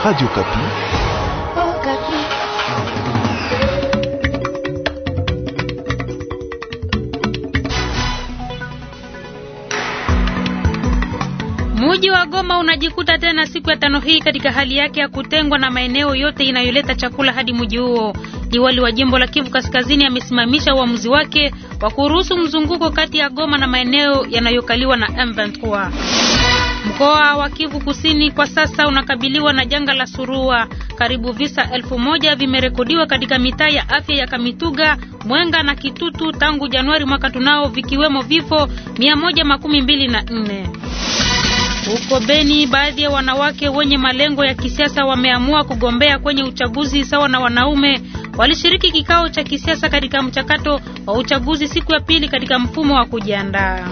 Radio Kapi. Oh, Kapi. wa Goma unajikuta tena siku ya tano hii katika hali yake ya kutengwa na maeneo yote inayoleta chakula hadi muji huo. Liwali wa jimbo la Kivu Kaskazini amesimamisha uamuzi wake wa kuruhusu mzunguko kati ya Goma na maeneo yanayokaliwa na M23. Mkoa wa Kivu Kusini kwa sasa unakabiliwa na janga la surua. Karibu visa elfu moja vimerekodiwa katika mitaa ya afya ya Kamituga, Mwenga na Kitutu tangu Januari mwaka tunao, vikiwemo vifo 124. Huko Beni, baadhi ya wanawake wenye malengo ya kisiasa wameamua kugombea kwenye uchaguzi sawa na wanaume. Walishiriki kikao cha kisiasa katika mchakato wa uchaguzi siku ya pili katika mfumo wa kujiandaa.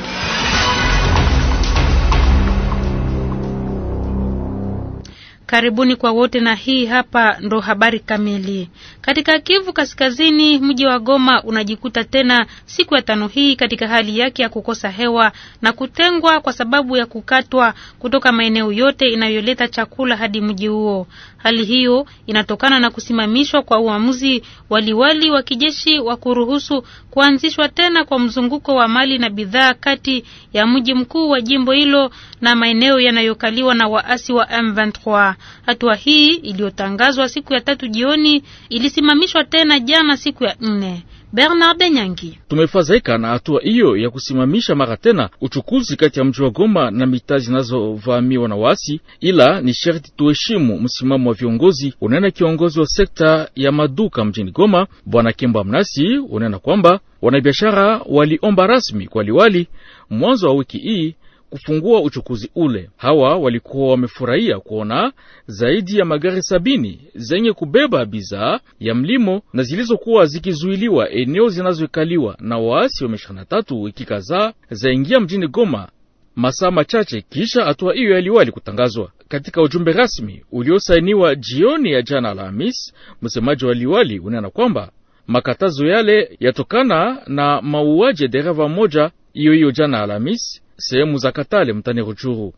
Karibuni kwa wote na hii hapa ndo habari kamili. Katika Kivu Kaskazini, mji wa Goma unajikuta tena siku ya tano hii katika hali yake ya kukosa hewa na kutengwa kwa sababu ya kukatwa kutoka maeneo yote inayoleta chakula hadi mji huo. Hali hiyo inatokana na kusimamishwa kwa uamuzi waliwali wa kijeshi wa kuruhusu kuanzishwa tena kwa mzunguko wa mali na bidhaa kati ya mji mkuu wa jimbo hilo na maeneo yanayokaliwa na waasi wa M23. Hatua hii iliyotangazwa siku ya tatu jioni ilisimamishwa tena jana siku ya nne. Bernard Nyangi. Tumefadhaika na hatua hiyo ya kusimamisha mara tena uchukuzi kati ya mji wa Goma na mitaa zinazovamiwa na waasi, ila ni sharti tuheshimu msimamo wa viongozi, unena kiongozi wa sekta ya maduka mjini Goma, Bwana Kimba Mnasi, unena kwamba wanabiashara waliomba rasmi kwa liwali mwanzo wa wiki hii kufungua uchukuzi ule. Hawa walikuwa wamefurahia kuona zaidi ya magari sabini zenye kubeba bidhaa ya mlimo na zilizokuwa zikizuiliwa eneo zinazoikaliwa na waasi wa M23 wiki kadhaa zaingia mjini Goma masaa machache kisha hatua hiyo ya liwali kutangazwa. Katika ujumbe rasmi uliosainiwa jioni ya jana Alhamis, msemaji wa liwali unena kwamba makatazo yale yatokana na mauaji ya dereva moja hiyo hiyo jana Alhamis sehemu za Katale mtani Ruchuru,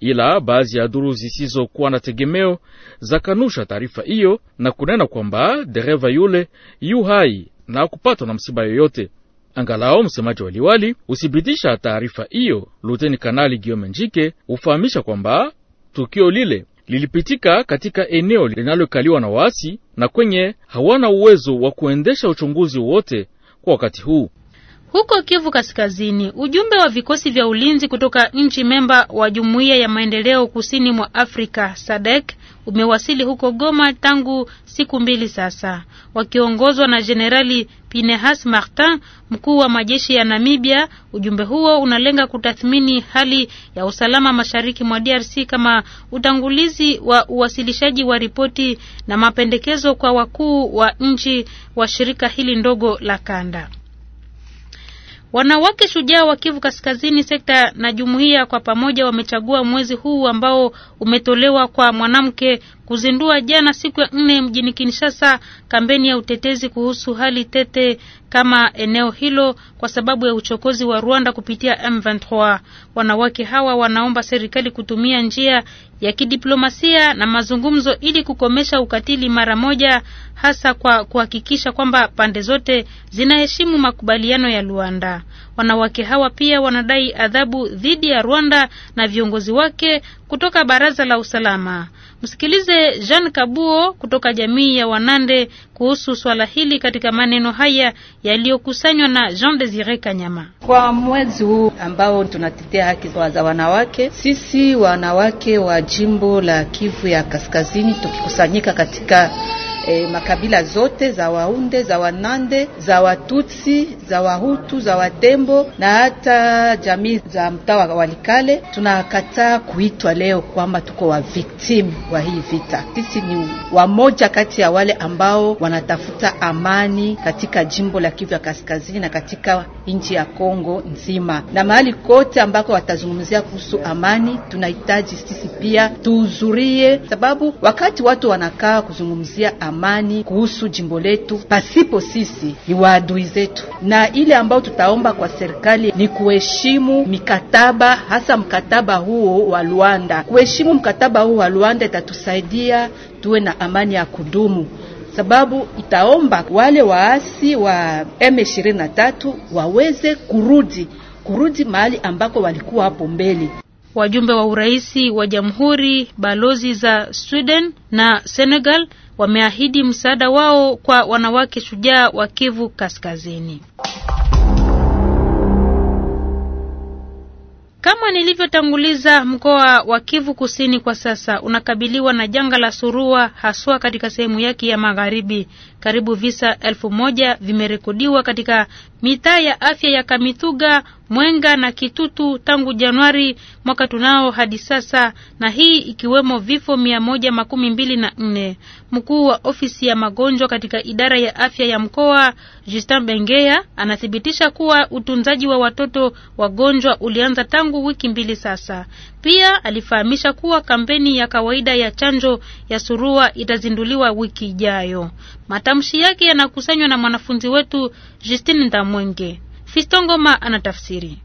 ila baadhi ya duru zisizokuwa na tegemeo zakanusha taarifa hiyo na kunena kwamba dereva yule yu hai na hakupatwa na msiba yoyote. Angalao msemaji wa liwali husibitisha taarifa hiyo. Luteni Kanali Giome Njike hufahamisha kwamba tukio lile lilipitika katika eneo linalokaliwa na waasi na kwenye hawana uwezo wa kuendesha uchunguzi wowote kwa wakati huu. Huko Kivu Kaskazini, ujumbe wa vikosi vya ulinzi kutoka nchi memba wa Jumuiya ya Maendeleo Kusini mwa Afrika SADC umewasili huko Goma tangu siku mbili sasa, wakiongozwa na Jenerali Pinehas Martin, mkuu wa majeshi ya Namibia. Ujumbe huo unalenga kutathmini hali ya usalama mashariki mwa DRC kama utangulizi wa uwasilishaji wa ripoti na mapendekezo kwa wakuu wa nchi wa shirika hili ndogo la kanda. Wanawake shujaa wa Kivu Kaskazini, sekta na jumuiya kwa pamoja wamechagua mwezi huu ambao umetolewa kwa mwanamke kuzindua jana siku ya nne mjini Kinshasa kampeni ya utetezi kuhusu hali tete kama eneo hilo kwa sababu ya uchokozi wa Rwanda kupitia M23. Wanawake hawa wanaomba serikali kutumia njia ya kidiplomasia na mazungumzo ili kukomesha ukatili mara moja, hasa kwa kuhakikisha kwamba pande zote zinaheshimu makubaliano ya Luanda. Wanawake hawa pia wanadai adhabu dhidi ya Rwanda na viongozi wake kutoka Baraza la Usalama. Msikilize Jean Kabuo kutoka jamii ya Wanande kuhusu swala hili katika maneno haya yaliyokusanywa na Jean Desire Kanyama. Kwa mwezi huu ambao tunatetea haki za wanawake, sisi wanawake wa jimbo la Kivu ya Kaskazini tukikusanyika katika eh, makabila zote za Waunde, za Wanande, za Watutsi, za Wahutu, za Watembo na hata jamii za mtaa Walikale. Tunakataa kuitwa leo kwamba tuko wa victim wa hii vita. Sisi ni wamoja kati ya wale ambao wanatafuta amani katika jimbo la Kivu ya Kaskazini na katika nchi ya Kongo nzima na mahali kote ambako watazungumzia kuhusu amani, tunahitaji sisi pia tuhudhurie, sababu wakati watu wanakaa kuzungumzia amani amani kuhusu jimbo letu, pasipo sisi ni waadui zetu, na ile ambayo tutaomba kwa serikali ni kuheshimu mikataba, hasa mkataba huo wa Luanda. Kuheshimu mkataba huo wa Luanda itatusaidia tuwe na amani ya kudumu sababu itaomba wale waasi wa M23 waweze kurudi kurudi mahali ambako walikuwa hapo mbele wajumbe wa urais wa jamhuri, balozi za Sweden na Senegal wameahidi msaada wao kwa wanawake shujaa wa Kivu Kaskazini. Kama nilivyotanguliza, mkoa wa Kivu Kusini kwa sasa unakabiliwa na janga la surua, haswa katika sehemu yake ya magharibi. Karibu visa elfu moja vimerekodiwa katika mitaa ya afya ya Kamituga, Mwenga na Kitutu tangu Januari mwaka tunao hadi sasa, na hii ikiwemo vifo mia moja makumi mbili na nne. Mkuu wa ofisi ya magonjwa katika idara ya afya ya mkoa Justin bengea anathibitisha kuwa utunzaji wa watoto wagonjwa ulianza tangu wiki mbili sasa. Pia alifahamisha kuwa kampeni ya kawaida ya chanjo ya surua itazinduliwa wiki ijayo. Matamshi yake yanakusanywa na mwanafunzi wetu Justine Ndamwenge. Fistongoma anatafsiri.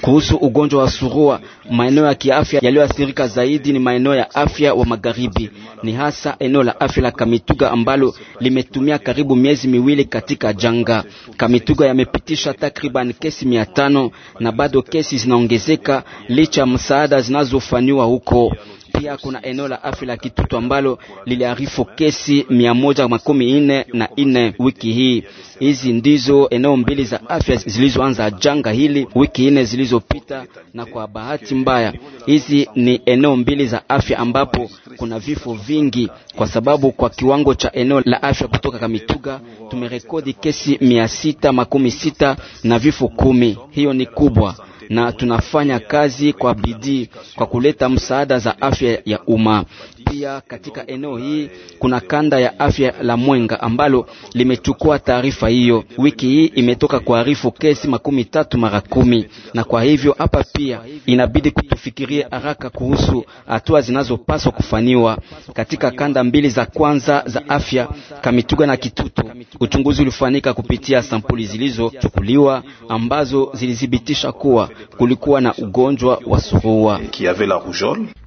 Kuhusu ugonjwa wa surua, maeneo ya kiafya yaliyoathirika zaidi ni maeneo ya afya wa magharibi, ni hasa eneo la afya la Kamituga ambalo limetumia karibu miezi miwili katika janga. Kamituga yamepitisha takriban kesi mia tano na bado kesi zinaongezeka licha ya msaada zinazofanywa huko. Pia kuna eneo la afya la Kitutu ambalo liliarifu kesi mia moja makumi nne na nne wiki hii. Hizi ndizo eneo mbili za afya zilizoanza janga hili wiki nne zilizopita, na kwa bahati mbaya hizi ni eneo mbili za afya ambapo kuna vifo vingi, kwa sababu kwa kiwango cha eneo la afya kutoka Kamituga tumerekodi kesi mia sita makumi sita na vifo kumi. Hiyo ni kubwa na tunafanya kazi kwa bidii kwa kuleta msaada za afya ya umma. Pia katika eneo hii kuna kanda ya afya la Mwenga ambalo limechukua taarifa hiyo. Wiki hii imetoka kuarifu kesi makumi tatu mara kumi, na kwa hivyo hapa pia inabidi kutufikirie haraka kuhusu hatua zinazopaswa kufanywa katika kanda mbili za kwanza za afya, Kamituga na Kitutu. Uchunguzi ulifanyika kupitia sampuli zilizochukuliwa ambazo zilithibitisha kuwa kulikuwa na ugonjwa wa surua.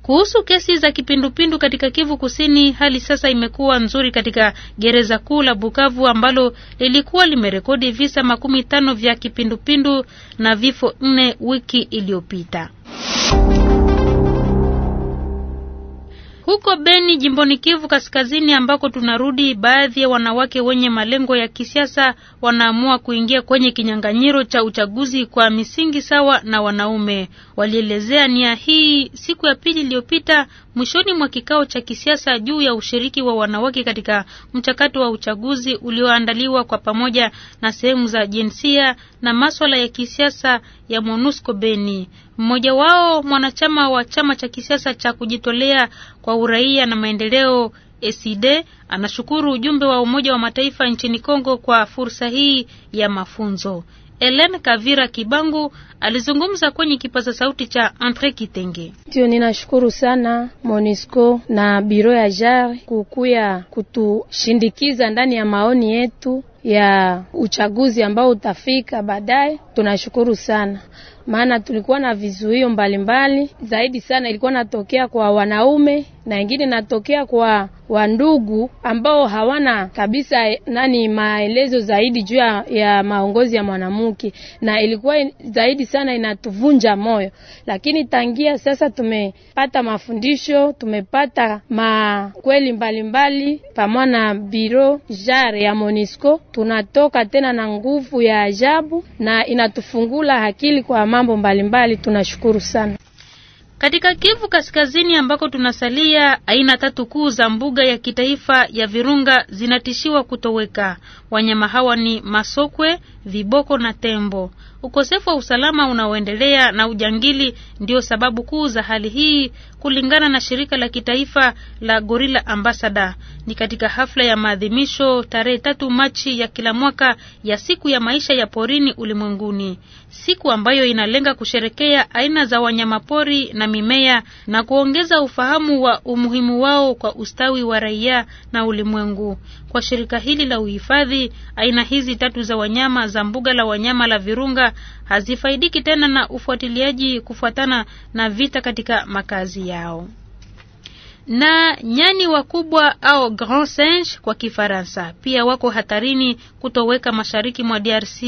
Kuhusu kesi za kipindupindu katika Kivu Kusini, hali sasa imekuwa nzuri katika gereza kuu la Bukavu ambalo lilikuwa limerekodi visa makumi tano vya kipindupindu na vifo nne wiki iliyopita. Huko Beni jimboni Kivu Kaskazini ambako tunarudi, baadhi ya wanawake wenye malengo ya kisiasa wanaamua kuingia kwenye kinyang'anyiro cha uchaguzi kwa misingi sawa na wanaume. Walielezea nia hii siku ya pili iliyopita Mwishoni mwa kikao cha kisiasa juu ya ushiriki wa wanawake katika mchakato wa uchaguzi ulioandaliwa kwa pamoja na sehemu za jinsia na maswala ya kisiasa ya MONUSCO Beni. Mmoja wao mwanachama wa chama cha kisiasa cha kujitolea kwa uraia na maendeleo ACD anashukuru ujumbe wa Umoja wa Mataifa nchini Kongo kwa fursa hii ya mafunzo. Ellen Kavira Kibangu alizungumza kwenye kipaza sauti cha Andre Kitenge. Ndio, ninashukuru sana Monisco na biro ya JAR kukuya kutushindikiza ndani ya maoni yetu ya uchaguzi ambao utafika baadaye. Tunashukuru sana maana tulikuwa na vizuio mbalimbali Zaidi sana ilikuwa natokea kwa wanaume na ingine natokea kwa wa ndugu ambao hawana kabisa eh, nani maelezo zaidi juu ya maongozi ya mwanamke, na ilikuwa zaidi sana inatuvunja moyo, lakini tangia sasa tumepata mafundisho, tumepata makweli mbalimbali pamoja na biro jare ya Monisco, tunatoka tena na nguvu ya ajabu na inatufungula akili kwa mambo mbalimbali mbali. Tunashukuru sana. Katika Kivu Kaskazini ambako tunasalia, aina tatu kuu za mbuga ya kitaifa ya Virunga zinatishiwa kutoweka. Wanyama hawa ni masokwe, viboko na tembo. Ukosefu wa usalama unaoendelea na ujangili ndio sababu kuu za hali hii, kulingana na shirika la kitaifa la Gorilla Ambassador. Ni katika hafla ya maadhimisho tarehe tatu Machi ya kila mwaka ya siku ya maisha ya porini ulimwenguni, siku ambayo inalenga kusherekea aina za wanyamapori na mimea na kuongeza ufahamu wa umuhimu wao kwa ustawi wa raia na ulimwengu. Kwa shirika hili la uhifadhi, aina hizi tatu za wanyama za mbuga la wanyama la Virunga hazifaidiki tena na ufuatiliaji kufuatana na vita katika makazi yao. Na nyani wakubwa au grand singe kwa Kifaransa pia wako hatarini kutoweka mashariki mwa DRC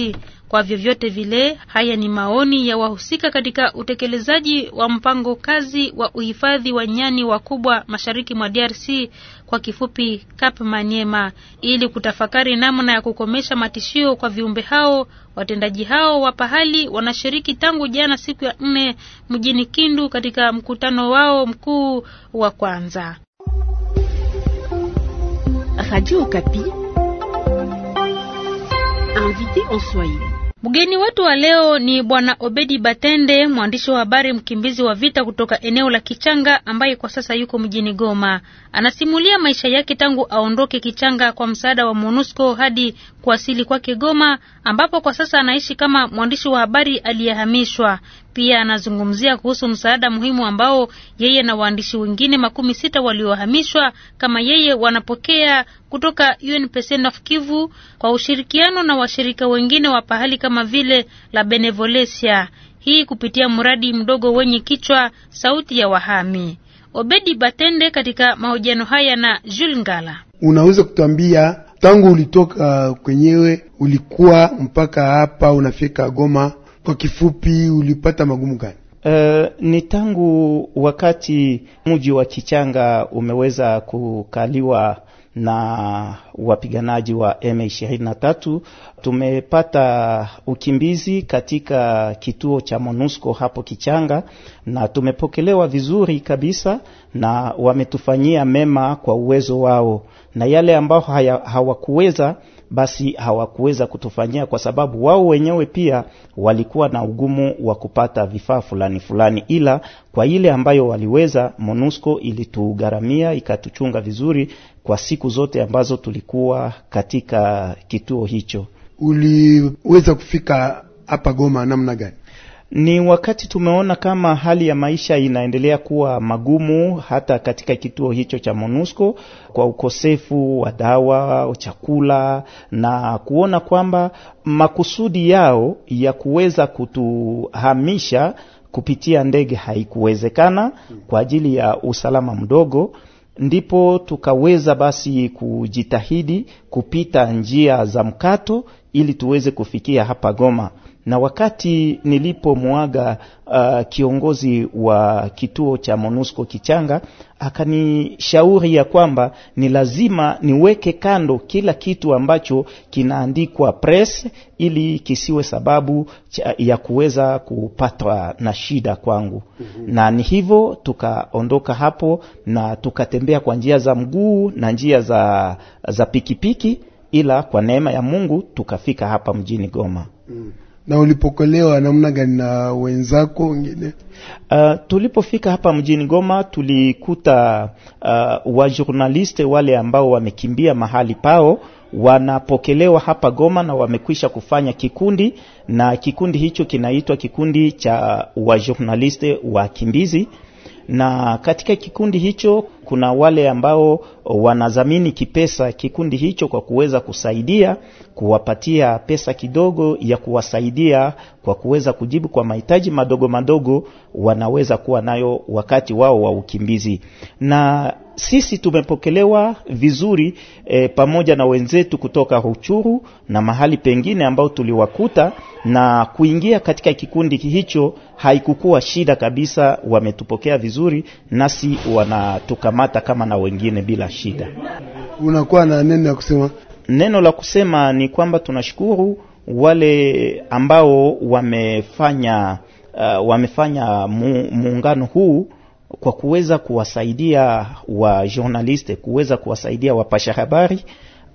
kwa vyovyote vile. Haya ni maoni ya wahusika katika utekelezaji wa mpango kazi wa uhifadhi wa nyani wakubwa mashariki mwa DRC kwa kifupi Cap Maniema, ili kutafakari namna ya kukomesha matishio kwa viumbe hao. Watendaji hao wa pahali wanashiriki tangu jana siku ya nne mjini Kindu katika mkutano wao mkuu wa kwanza. Radio Kapi. Invité en Swahili. Mgeni wetu wa leo ni Bwana Obedi Batende, mwandishi wa habari mkimbizi wa vita kutoka eneo la Kichanga ambaye kwa sasa yuko mjini Goma. Anasimulia maisha yake tangu aondoke Kichanga kwa msaada wa MONUSCO hadi kuasili kwake Goma ambapo kwa sasa anaishi kama mwandishi wa habari aliyehamishwa. Pia anazungumzia kuhusu msaada muhimu ambao yeye na waandishi wengine makumi sita waliohamishwa kama yeye wanapokea kutoka UNPC Nord Kivu kwa ushirikiano na washirika wengine wa pahali kama vile la Benevolencia, hii kupitia mradi mdogo wenye kichwa sauti ya wahami. Obedi Batende katika mahojiano haya na Jules Ngala. Unaweza kutuambia tangu ulitoka kwenyewe ulikuwa mpaka hapa unafika Goma kwa kifupi, ulipata magumu gani? Uh, ni tangu wakati mji wa Kichanga umeweza kukaliwa na wapiganaji wa M23. Tumepata ukimbizi katika kituo cha MONUSCO hapo Kichanga na tumepokelewa vizuri kabisa, na wametufanyia mema kwa uwezo wao, na yale ambao hawakuweza basi hawakuweza kutufanyia kwa sababu wao wenyewe pia walikuwa na ugumu wa kupata vifaa fulani fulani, ila kwa ile ambayo waliweza, MONUSCO ilitugharamia ikatuchunga vizuri kwa siku zote ambazo tuli ulikuwa katika kituo hicho. Uliweza kufika hapa Goma namna gani? Ni wakati tumeona kama hali ya maisha inaendelea kuwa magumu hata katika kituo hicho cha MONUSCO kwa ukosefu wa dawa, chakula na kuona kwamba makusudi yao ya kuweza kutuhamisha kupitia ndege haikuwezekana kwa ajili ya usalama mdogo ndipo tukaweza basi kujitahidi kupita njia za mkato ili tuweze kufikia hapa Goma na wakati nilipomwaga uh, kiongozi wa kituo cha MONUSCO Kichanga akanishauri ya kwamba ni lazima niweke kando kila kitu ambacho kinaandikwa press ili kisiwe sababu cha, ya kuweza kupatwa na shida kwangu. Mm-hmm. Na ni hivyo tukaondoka hapo na tukatembea kwa njia za mguu na njia za za pikipiki, ila kwa neema ya Mungu tukafika hapa mjini Goma. Mm na ulipokelewa namna gani na wenzako wengine? Uh, tulipofika hapa mjini Goma tulikuta uh, wajournaliste wale ambao wamekimbia mahali pao wanapokelewa hapa Goma na wamekwisha kufanya kikundi, na kikundi hicho kinaitwa kikundi cha wajournaliste wakimbizi, na katika kikundi hicho kuna wale ambao wanadhamini kipesa kikundi hicho kwa kuweza kusaidia kuwapatia pesa kidogo ya kuwasaidia kwa kuweza kujibu kwa mahitaji madogo madogo wanaweza kuwa nayo wakati wao wa ukimbizi na sisi tumepokelewa vizuri e, pamoja na wenzetu kutoka Ruchuru na mahali pengine ambao tuliwakuta, na kuingia katika kikundi hicho haikukuwa shida kabisa. Wametupokea vizuri, nasi wanatukamata kukamata kama na wengine bila shida. Unakuwa na neno ya kusema? Neno la kusema ni kwamba tunashukuru wale ambao wamefanya uh, wamefanya muungano huu kwa kuweza kuwasaidia wa journaliste kuweza kuwasaidia wapasha habari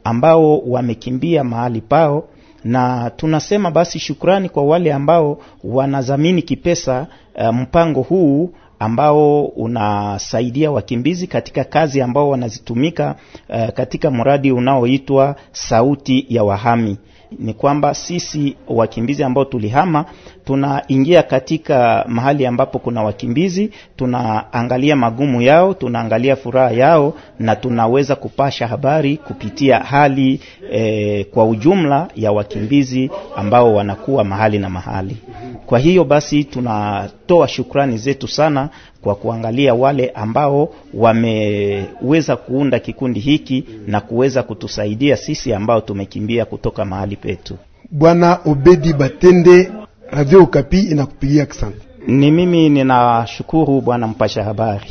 ambao wamekimbia mahali pao, na tunasema basi shukrani kwa wale ambao wanadhamini kipesa uh, mpango huu ambao unasaidia wakimbizi katika kazi ambao wanazitumika uh, katika mradi unaoitwa Sauti ya Wahami ni kwamba sisi wakimbizi ambao tulihama tunaingia katika mahali ambapo kuna wakimbizi, tunaangalia magumu yao, tunaangalia furaha yao, na tunaweza kupasha habari kupitia hali e, kwa ujumla ya wakimbizi ambao wanakuwa mahali na mahali. Kwa hiyo basi tunatoa shukrani zetu sana kwa kuangalia wale ambao wameweza kuunda kikundi hiki na kuweza kutusaidia sisi ambao tumekimbia kutoka mahali petu. Bwana Obedi Batende, Radio Okapi inakupigia asante. Ni mimi ninashukuru bwana mpasha habari.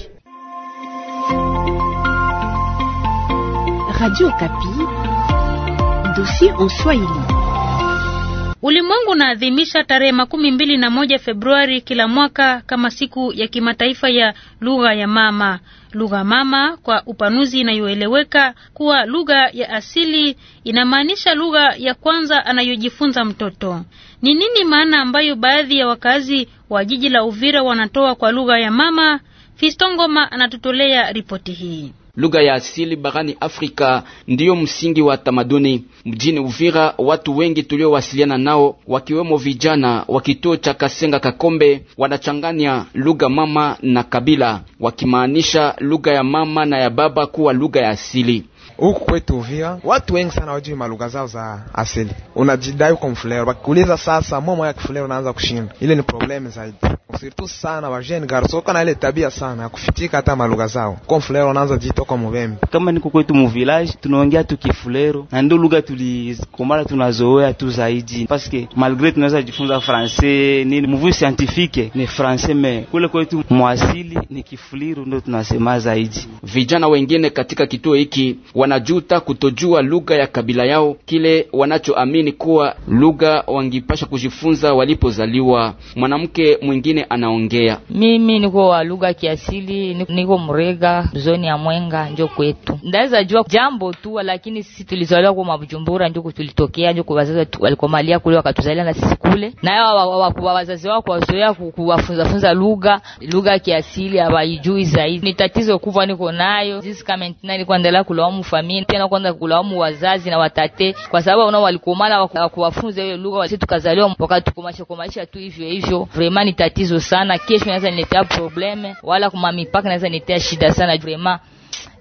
Radio Okapi, dossier en Swahili. Ulimwengu unaadhimisha tarehe makumi mbili na moja Februari kila mwaka kama siku ya kimataifa ya lugha ya mama. Lugha mama kwa upanuzi inayoeleweka kuwa lugha ya asili inamaanisha lugha ya kwanza anayojifunza mtoto. Ni nini maana ambayo baadhi ya wakazi wa jiji la Uvira wanatoa kwa lugha ya mama? fistongoma anatutolea ripoti hii lugha ya asili barani Afrika ndiyo msingi wa tamaduni. Mjini Uvira, watu wengi tuliowasiliana nao wakiwemo vijana wa kituo cha Kasenga Kakombe wanachanganya lugha mama na kabila, wakimaanisha lugha ya mama na ya baba kuwa lugha ya asili huku kwetu Uvira watu wengi sana wajui malugha zao za asili. Unajidai uko mfulero, wakikuuliza sasa mwa ya kifulero unaanza kushinda. Ile ni problem zaidi, usirtu sana wa jeune garso kana ile tabia sana ya kufitika hata malugha zao. Kwa mfulero unaanza jito kwa mubembe. Kama niko kwetu mu village tunaongea tu kifulero na ndio lugha tulikomala tunazoea tu zaidi, paske malgre tunaweza jifunza français nini mvu scientifique ni français me kule kwetu mwasili ni kifuliro ndio tunasema zaidi. Vijana wengine katika kituo hiki wana wanajuta kutojua lugha ya kabila yao, kile wanachoamini kuwa lugha wangipasha kujifunza walipozaliwa. Mwanamke mwingine anaongea, mimi niko wa lugha ya kiasili, niko Murega zoni ya Mwenga, njo kwetu ndaweza jua jambo tu, lakini sisi tulizaliwa kwa Mabujumbura, njo tulitokea, njo wazazi walikomalia kule wakatuzalia na sisi kule, nayo wazazi wao kuwazoea kuwafunzafunza lugha lugha ya kiasili hawaijui zaidi. Ni tatizo kubwa niko nayo sisi kama nilikuwa endelea kulaumu famine, tena kwanza kulaumu wazazi na watate, kwa sababu unao walikomala wa kuwafunza hiyo lugha, sisi tukazaliwa mpaka wakati kwa maisha tu hivyo hivyo. Vraiment ni tatizo sana, kesho inaweza niletea probleme, wala kuma mipaka inaweza niletea shida sana vraiment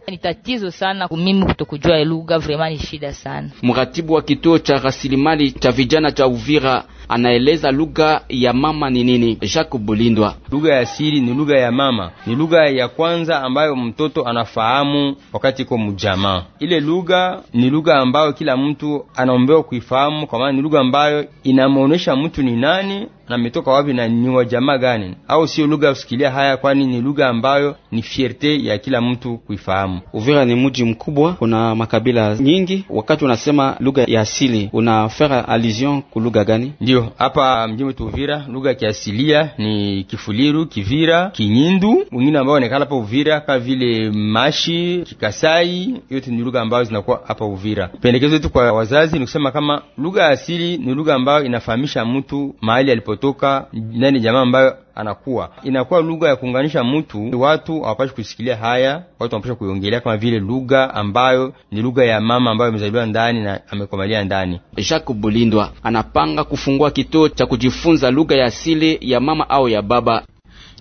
ni tatizo sana kumimi kutokujua lugha, vraiment ni shida sana. Mratibu wa kituo cha rasilimali cha vijana cha Uvira anaeleza lugha ya mama ni nini. Jacques Bulindwa: lugha ya asili ni lugha ya mama, ni lugha ya kwanza ambayo mtoto anafahamu wakati iko mjamaa. Ile lugha ni lugha ambayo kila mtu anaombewa kuifahamu, kwa maana ni lugha ambayo inamwonyesha mtu ni nani na ametoka wapi na ni wa jamaa gani, au sio? Lugha ya kusikilia haya, kwani ni lugha ambayo ni fierte ya kila mtu kuifahamu. Uvira ni mji mkubwa, kuna makabila nyingi. Wakati unasema lugha ya asili, unafera allusion ku lugha gani? Ndio. Ndiyo, hapa mjini Uvira lugha ya kiasilia ni Kifuliru, Kivira, Kinyindu, wengine ambao wanakala hapa Uvira kama vile Mashi, Kikasai, yote ni lugha ambazo zinakuwa hapa Uvira. Pendekezo letu kwa wazazi ni kusema kama lugha ya asili ni lugha ambayo inafahamisha mtu mahali alipotoka, nani jamaa ambayo anakuwa inakuwa lugha ya kuunganisha mtu. Watu hawapashi kusikilia haya, watu wanapasha kuiongelea kama vile lugha ambayo ni lugha ya mama ambayo amezaliwa ndani na amekomalia ndani. Jacques Bulindwa anapanga kufungua kituo cha kujifunza lugha ya asili ya mama au ya baba.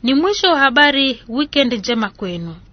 Ni mwisho wa habari. Weekend njema kwenu.